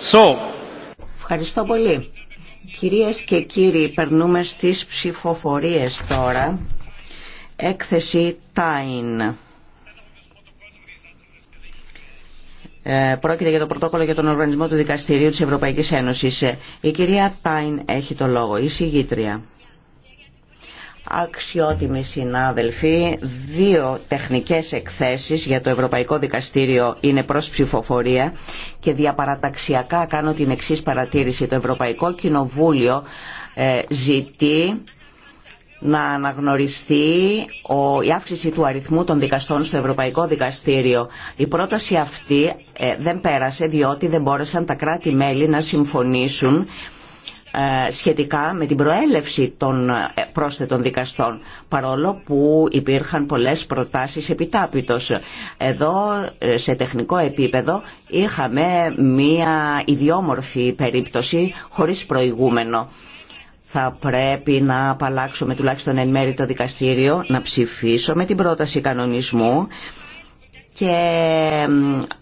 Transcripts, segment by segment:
So. Ευχαριστώ πολύ. Κυρίες και κύριοι, περνούμε στις ψηφοφορίες τώρα. Έκθεση Τάιν. Ε, πρόκειται για το πρωτόκολλο για τον Οργανισμό του Δικαστηρίου της Ευρωπαϊκής Ένωσης. Η κυρία Τάιν έχει το λόγο, η συγγήτρια. Αξιότιμοι συνάδελφοι, δύο τεχνικές εκθέσεις για το Ευρωπαϊκό Δικαστήριο είναι προς ψηφοφορία και διαπαραταξιακά κάνω την εξής παρατήρηση. Το Ευρωπαϊκό Κοινοβούλιο ε, ζητεί να αναγνωριστεί η αύξηση του αριθμού των δικαστών στο Ευρωπαϊκό Δικαστήριο. Η πρόταση αυτή ε, δεν πέρασε διότι δεν μπόρεσαν τα κράτη-μέλη να συμφωνήσουν ε, σχετικά με την προέλευση των ε, πρόσθετων δικαστών παρόλο που υπήρχαν πολλές προτάσεις επιτάπητος. Εδώ ε, σε τεχνικό επίπεδο είχαμε μία ιδιόμορφη περίπτωση χωρίς προηγούμενο. Θα πρέπει να απαλλάξουμε τουλάχιστον εν μέρη το δικαστήριο, να με την πρόταση κανονισμού και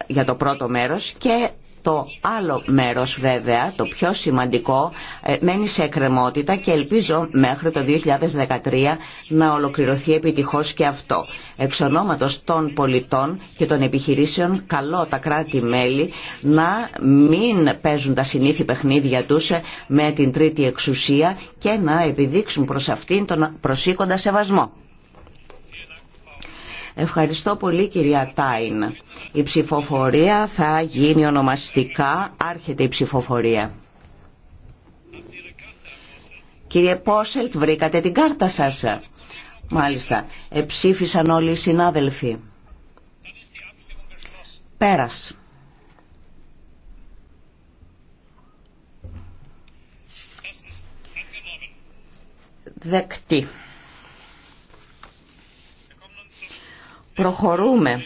για το πρώτο μέρος και το άλλο μέρος βέβαια, το πιο σημαντικό, ε, μένει σε εκκρεμότητα και ελπίζω μέχρι το 2013 να ολοκληρωθεί επιτυχώς και αυτό. Εξ ονόματος των πολιτών και των επιχειρήσεων καλό τα κράτη-μέλη να μην παίζουν τα συνήθη παιχνίδια τους ε, με την τρίτη εξουσία και να επιδείξουν προς αυτήν τον προσήκοντα σεβασμό. Ευχαριστώ πολύ κυρία Τάιν. Η ψηφοφορία θα γίνει ονομαστικά. Άρχεται η ψηφοφορία. Κύριε Πόσελτ, βρήκατε την κάρτα σας. Μάλιστα. Εψήφισαν όλοι οι συνάδελφοι. Πέρας. Δεκτή. Προχωρούμε.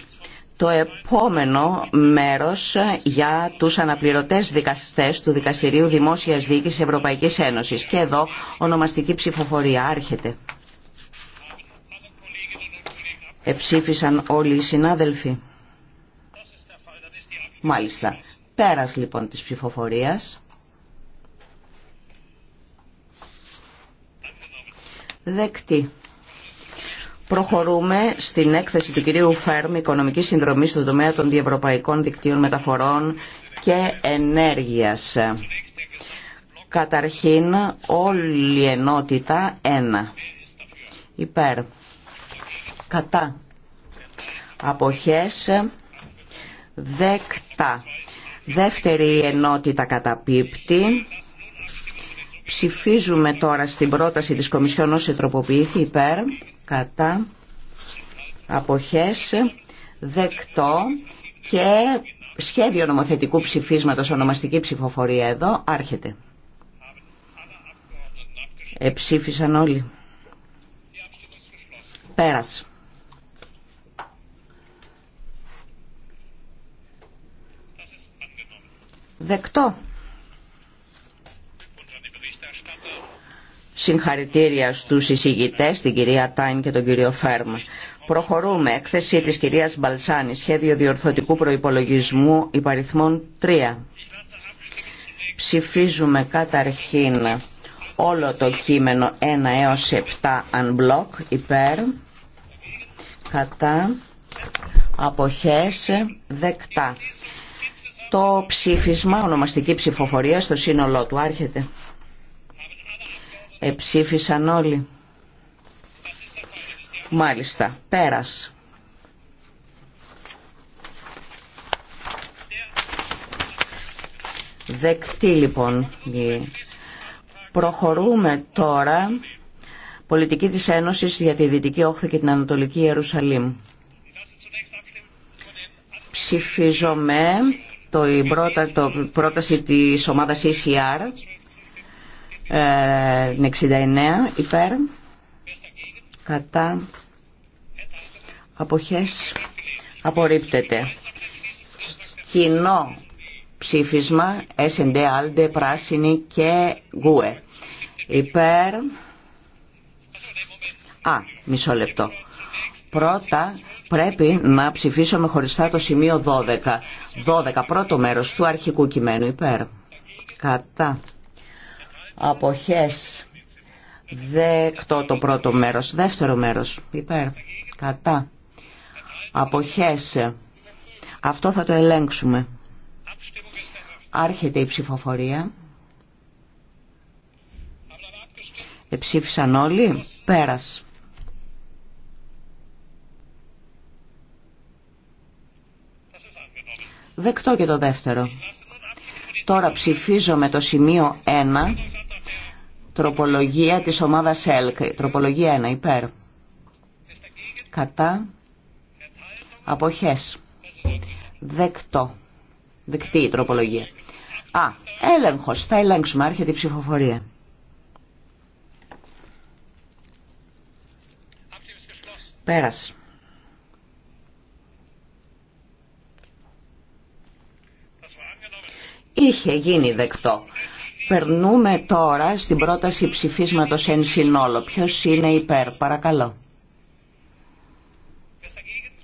Το επόμενο μέρος για τους αναπληρωτές δικαστές του Δικαστηρίου Δημόσιας Διοίκησης Ευρωπαϊκής Ένωσης. Και εδώ ονομαστική ψηφοφορία άρχεται. Εψήφισαν όλοι οι συνάδελφοι. Μάλιστα. Πέρας λοιπόν της ψηφοφορίας. Δεκτή. Προχωρούμε στην έκθεση του κυρίου Φέρμ «Οικονομική συνδρομή στον τομέα των διευρωπαϊκών δικτύων μεταφορών και ενέργειας». Καταρχήν, όλη η ενότητα 1. Υπέρ. Κατά. Αποχές. Δεκτά. Δεύτερη ενότητα καταπίπτει. Ψηφίζουμε τώρα στην πρόταση της Κομισιόν όσοι τροποποιήθη υπέρ, κατά, αποχές, δεκτό και σχέδιο νομοθετικού ψηφίσματος, ονομαστική ψηφοφορία εδώ, άρχεται. Εψήφισαν όλοι. Πέρας. Δεκτό. Συγχαρητήρια στους εισηγητές, την κυρία Τάιν και τον κύριο Φέρμ. Προχωρούμε. Έκθεση της κυρίας Μπαλσάνη, σχέδιο διορθωτικού προϋπολογισμού υπαριθμών 3. Ψηφίζουμε καταρχήν όλο το κείμενο 1 έως 7 unblock υπέρ, κατά, αποχές, δεκτά. Το ψήφισμα, ονομαστική ψηφοφορία στο σύνολό του, άρχεται. Εψήφισαν όλοι. Μάλιστα. Πέρας. Δεκτή λοιπόν. Προχωρούμε τώρα πολιτική της Ένωσης για τη Δυτική Όχθη και την Ανατολική Ιερουσαλήμ. Ψηφίζομαι το, η πρόταση της ομάδας ECR 69 ε, υπέρ κατά αποχές απορρίπτεται κοινό ψήφισμα S&D, ALDE, Πράσινη και ΓΟΕ υπέρ Α, μισό λεπτό πρώτα πρέπει να ψηφίσουμε χωριστά το σημείο 12 12 πρώτο μέρος του αρχικού κειμένου υπέρ κατά αποχές δεκτό το πρώτο μέρος δεύτερο μέρος υπέρ κατά αποχές αυτό θα το ελέγξουμε άρχεται η ψηφοφορία εψήφισαν όλοι πέρας δεκτό και το δεύτερο τώρα ψηφίζω με το σημείο 1 Τροπολογία της ομάδας ΕΛΚ. Τροπολογία 1. Υπέρ. Κατά. Αποχές. Δεκτό. Δεκτή η τροπολογία. Α, έλεγχος. Θα ελέγξουμε. Άρχεται η ψηφοφορία. Πέρασε. Είχε γίνει δεκτό. Περνούμε τώρα στην πρόταση ψηφίσματος εν συνόλο. Ποιος είναι υπέρ, παρακαλώ.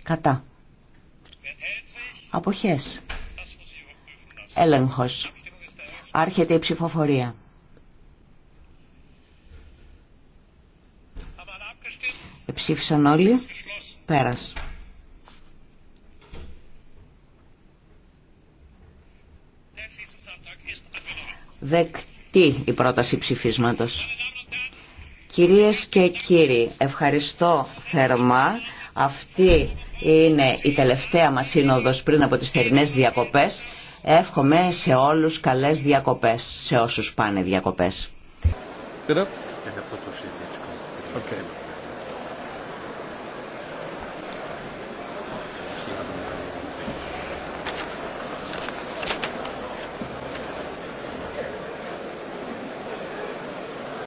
Κατά. Αποχές. Έλεγχος. Άρχεται η ψηφοφορία. Ψήφισαν όλοι. Πέρας. δεκτή η πρόταση ψηφίσματος. Κυρίες και κύριοι, ευχαριστώ θερμά. Αυτή είναι η τελευταία μας σύνοδος πριν από τις θερινές διακοπές. Εύχομαι σε όλους καλές διακοπές, σε όσους πάνε διακοπές.